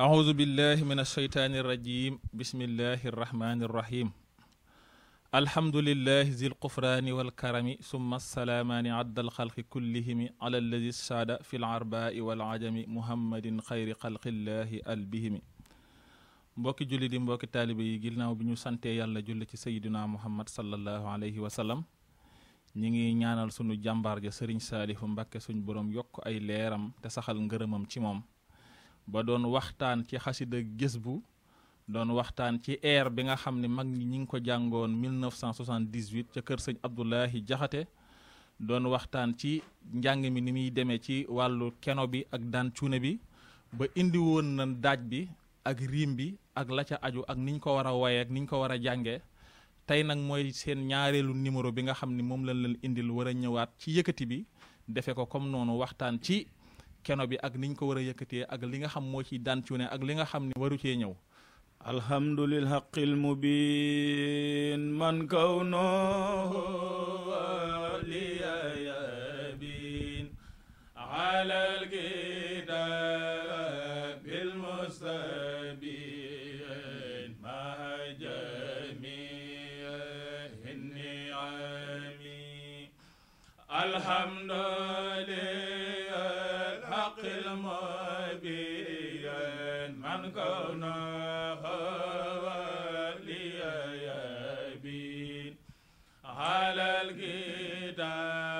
أعوذ بالله من الشيطان الرجيم بسم الله الرحمن الرحيم الحمد لله ذي القفران والكرم ثم السلام عن عد الخلق كلهم على الذي الساد في العرباء والعجم محمد خير خلق الله ألبهم بوك جلد بوك تالبي جلنا وبنو سنتي يلا جلد سيدنا محمد صلى الله عليه وسلم نيني نيانا لسنو جمبار جسرين سالي فمبك سنبرم يوك أي ليرم تسخل نغرمم تيموم ba doon waxtaan ci xasida gis bu doon waxtaan ci air bi nga xam ne mag ñi ñi ngi ko jàngoon 1978 ca kër sëñ Abdoulahi Jaxate doon waxtaan ci njàng mi ni muy demee ci wàllu keno bi ak daan cuune bi ba indi woon na daaj bi ak riim bi ak la ca aju ak niñ ko war a woyee ak niñ ko war a jàngee tey nag mooy seen ñaareelu numéro bi nga xam ni moom lañ leen indil war a ñëwaat ci yëkkati bi defe ko comme noonu waxtaan ci keno bi ak niñ ko war a yëkkatee ak li nga xam moo ci daan ci ne ak li nga xam ni waru cee ñëw الحمد للحق المبين من كونه ولي يبين على الكتاب المستبين مع جميع النعم الحمد biren man kauna bin halal gidan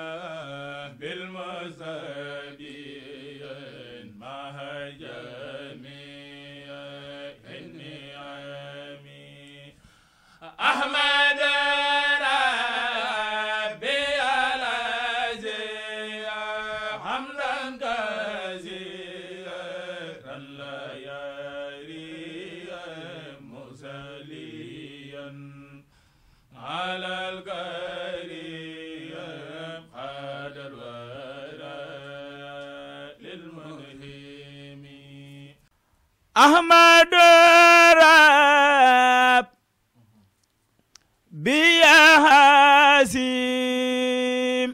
أحمد رب بيا حاسم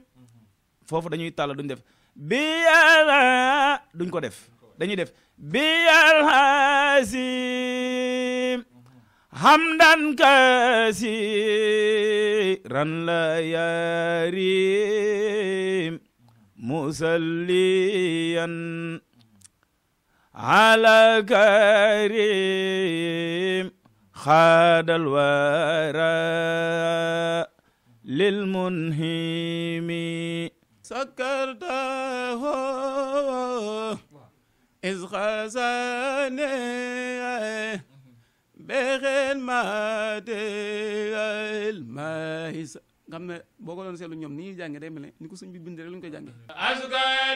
فوفو دانيو تالا دون ديف بيا دون كو ديف دانيو ديف بيا حاسم حمدا كثيرا لا يريم مسليا على كريم خاد الورى للمنهيم سكرته إذ خزاني بغير ما تيل ما هيس كم بقولون سيلو نيوم ني جانجي ريملي نيكو سنجي بندري لنكو جانجي أشكرا